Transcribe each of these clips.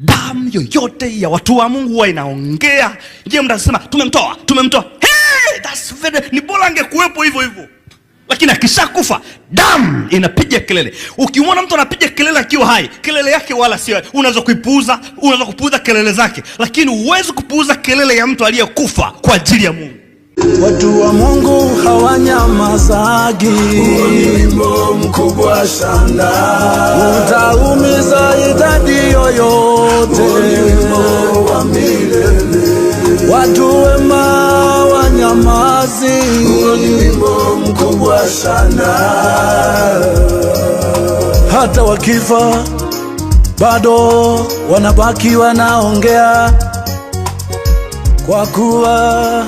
damu yoyote ya watu wa Mungu huwa inaongea. mtu anasema tumemtoa, tumemtoa? Hey, ni bora angekuwepo hivyo hivyo, lakini akishakufa damu inapiga kelele. Ukimwona mtu anapiga kelele akiwa hai, kelele yake wala sio, unaweza kuipuuza, unaweza kupuuza kelele zake, lakini huwezi kupuuza kelele ya mtu aliyekufa kwa ajili ya Mungu watu wa Mungu hawanyamazagi. Huo ni wimbo mkubwa sana, utaumiza idadi yoyote. Huo wimbo wa milele, watu wema wanyamazi. Huo ni wimbo mkubwa sana, hata wakifa bado wanabaki wanaongea kwa kuwa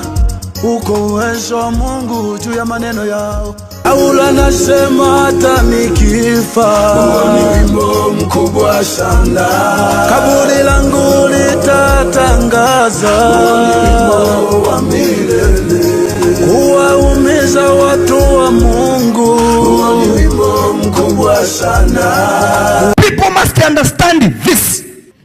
uko uwezo wa Mungu juu ya maneno yao. Paulo anasema hata nikifa, ni wimbo mkubwa sana, kaburi langu litatangaza kuwaumiza watu wa Mungu. Ni wimbo mkubwa sana. People must understand this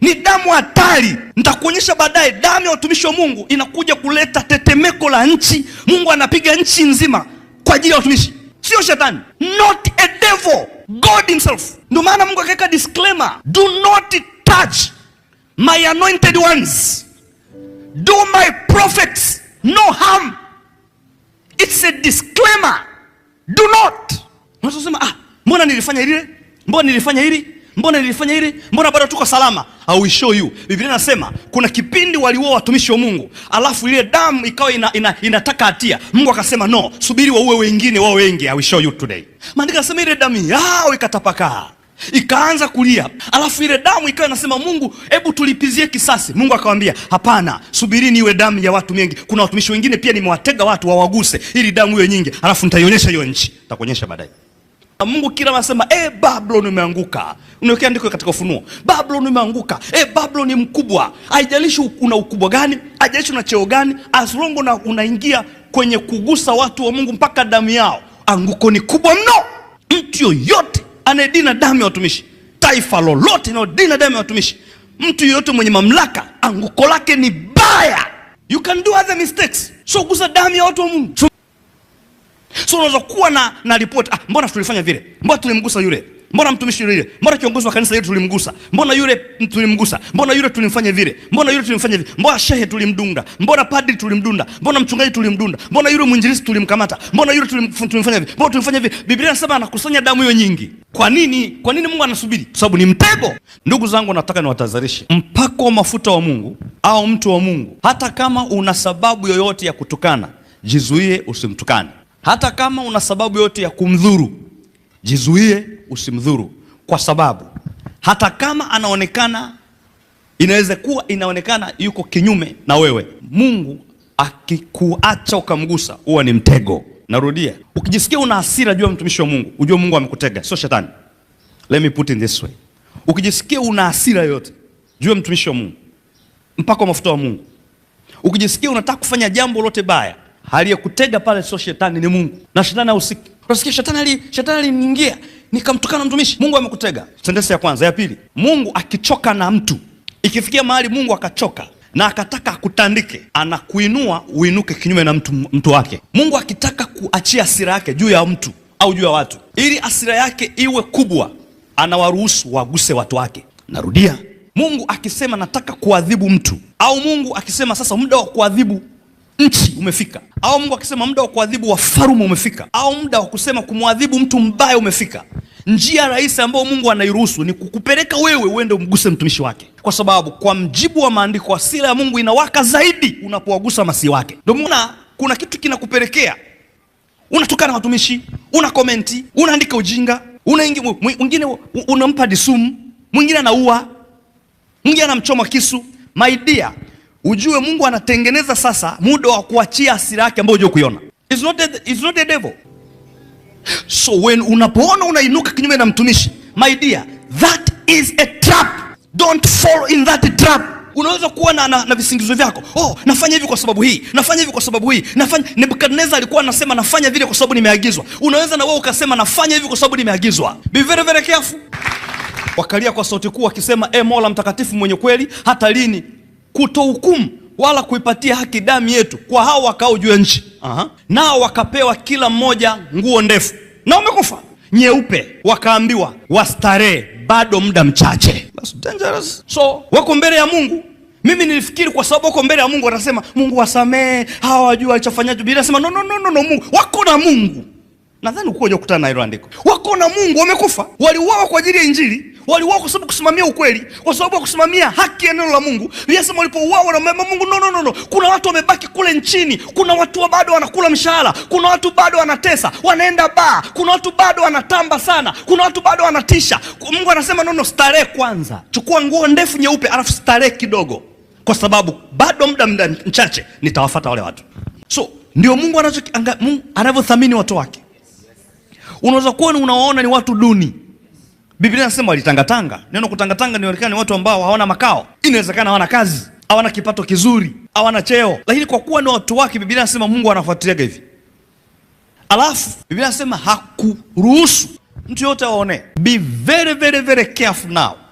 ni damu hatari. Nitakuonyesha baadaye, damu ya utumishi wa Mungu inakuja kuleta tetemeko la nchi. Mungu anapiga nchi nzima kwa ajili ya watumishi, sio shetani, not a devil, God himself. Ndio maana Mungu akaweka disclaimer, do not touch my anointed ones, do my prophets no harm. It's a disclaimer, do not. Unasema, ah, mbona nilifanya ile, mbona nilifanya hili mbona nilifanya hili, mbona bado tuko salama? I will show you. Biblia inasema kuna kipindi waliua watumishi wa Mungu, alafu ile damu ikawa ina, ina, inataka hatia. Mungu akasema no, subiri waue wengine wao wengi. I will show you today. maandika yanasema ile damu yao ikatapakaa ikaanza kulia, alafu ile damu ikawa inasema Mungu, hebu tulipizie kisasi. Mungu akawambia hapana, subirini iwe damu ya watu wengi. Kuna watumishi wengine pia nimewatega watu wawaguse, ili damu iwe nyingi, alafu nitaionyesha hiyo nchi. Nitakuonyesha baadaye. Mungu kila anasema e, eh, Babyloni umeanguka. Unawekea andiko katika Ufunuo, Babyloni umeanguka. E, eh, ni mkubwa. Haijalishi una ukubwa gani, haijalishi una cheo gani, asrongo na unaingia kwenye kugusa watu wa Mungu mpaka damu yao, anguko ni kubwa mno. Mtu yoyote anayedina damu ya watumishi, taifa lolote linalodina damu ya watumishi, mtu yoyote mwenye mamlaka, anguko lake ni baya. You can do other mistakes, so gusa damu ya watu wa Mungu so So unaweza kuwa na, na ripoti ah, mbona tulifanya vile, mbona tulimgusa yule, mbona mtumishi yule, mbona kiongozi wa kanisa yetu tulimgusa, mbona yule tulimgusa, mbona yule tulimfanya vile, mbona yule tulimfanya vile, mbona shehe tulimdunda, mbona padri tulimdunda, mbona mchungaji tulimdunda, mbona yule mwinjilisti tulimkamata, mbona yule tulimfanya vile, mbona tulimfanya vile. Biblia inasema anakusanya damu hiyo nyingi. Kwa nini? Kwa nini Mungu anasubiri? Kwa sababu ni mtego. Ndugu zangu, nataka niwatazarishe mpako wa mafuta wa Mungu au mtu wa Mungu, hata kama una sababu yoyote ya kutukana, jizuie usimtukane. Hata kama una sababu yote ya kumdhuru, jizuie usimdhuru, kwa sababu hata kama anaonekana, inaweza kuwa inaonekana yuko kinyume na wewe, Mungu akikuacha ukamgusa, huwa ni mtego. Narudia, ukijisikia una hasira juu ya mtumishi wa Mungu, ujue Mungu amekutega, sio shetani. Let me put in this way, ukijisikia una hasira yote, juu ya mtumishi wa Mungu, mpaka mafuta wa Mungu, ukijisikia unataka kufanya jambo lote baya aliyekutega pale sio shetani, ni Mungu na shetani hausiki. Unasikia shetani ali shetani aliniingia nikamtukana mtumishi. Mungu amekutega. Sentensi ya kwanza. Ya pili, Mungu akichoka na mtu, ikifikia mahali Mungu akachoka na akataka akutandike, anakuinua uinuke kinyume na mtu, mtu wake. Mungu akitaka kuachia hasira yake juu ya mtu au juu ya watu, ili asira yake iwe kubwa, anawaruhusu waguse watu wake. Narudia, Mungu akisema nataka kuadhibu mtu au Mungu akisema sasa muda wa kuadhibu nchi umefika, au Mungu akisema muda wa kuadhibu wafarume umefika, au muda wa kusema kumwadhibu mtu mbaya umefika. Njia rahisi ambayo Mungu anairuhusu ni kukupeleka wewe uende umguse mtumishi wake, kwa sababu kwa mjibu wa maandiko, hasira ya Mungu inawaka zaidi unapowagusa masihi wake. Ndio maana kuna kitu kinakupelekea unatukana watumishi, una komenti, unaandika ujinga, mwingine unampa disumu, mwingine anaua, mwingine anamchoma kisu. My dear ujue Mungu anatengeneza sasa muda wa kuachia asira yake ambayo ujue kuiona. It's not the, devil. So when unapoona unainuka kinyume na mtumishi, my dear, that is a trap. Don't fall in that trap. Unaweza kuwa na, na, na visingizo vyako. Oh, nafanya hivi kwa sababu hii, nafanya hivi kwa sababu hii, nafanya. Nebukadneza alikuwa anasema nafanya vile kwa sababu nimeagizwa. Unaweza na wewe ukasema nafanya hivi kwa sababu nimeagizwa. Be very Wakalia kwa sauti kuu wakisema, e Mola mtakatifu mwenye kweli, hata lini? kutohukumu wala kuipatia haki damu yetu kwa hao wakao juu ya nchi. Nao wakapewa kila mmoja nguo ndefu na wamekufa nyeupe, wakaambiwa wastarehe bado muda mchache. That's dangerous. So wako mbele ya Mungu. Mimi nilifikiri kwa sababu wako mbele ya Mungu watasema Mungu wasamee hawa, wajua walichofanyaje. Biblia inasema no, no, no, no, no, Mungu wako na Mungu. Nadhani uko unakutana na hilo andiko, wako na Mungu, wamekufa waliuawa kwa ajili ya Injili waliuawa kwa sababu kusimamia ukweli, kwa sababu ya kusimamia haki ya neno la Mungu. Yesu walipouawa na mama Mungu no, no, no, no. Kuna watu wamebaki kule nchini, kuna watu bado wanakula mshahara, kuna watu bado wanatesa, wanaenda baa, kuna watu bado wanatamba sana, kuna watu bado wanatisha. Mungu anasema no, no, starehe kwanza, chukua nguo ndefu nyeupe, alafu starehe kidogo, kwa sababu bado muda muda mchache nitawafata wale watu. So ndio Mungu anavyothamini watu wake. Unaweza kuwa unawaona ni watu duni Biblia inasema walitangatanga. Neno kutangatanga nionekana ni watu ambao hawana makao, inawezekana hawana kazi, hawana kipato kizuri, hawana cheo, lakini kwa kuwa ni watu wake, Biblia inasema Mungu anafuatiliaga hivi. Alafu Biblia inasema hakuruhusu mtu yote aone. Be very very very careful now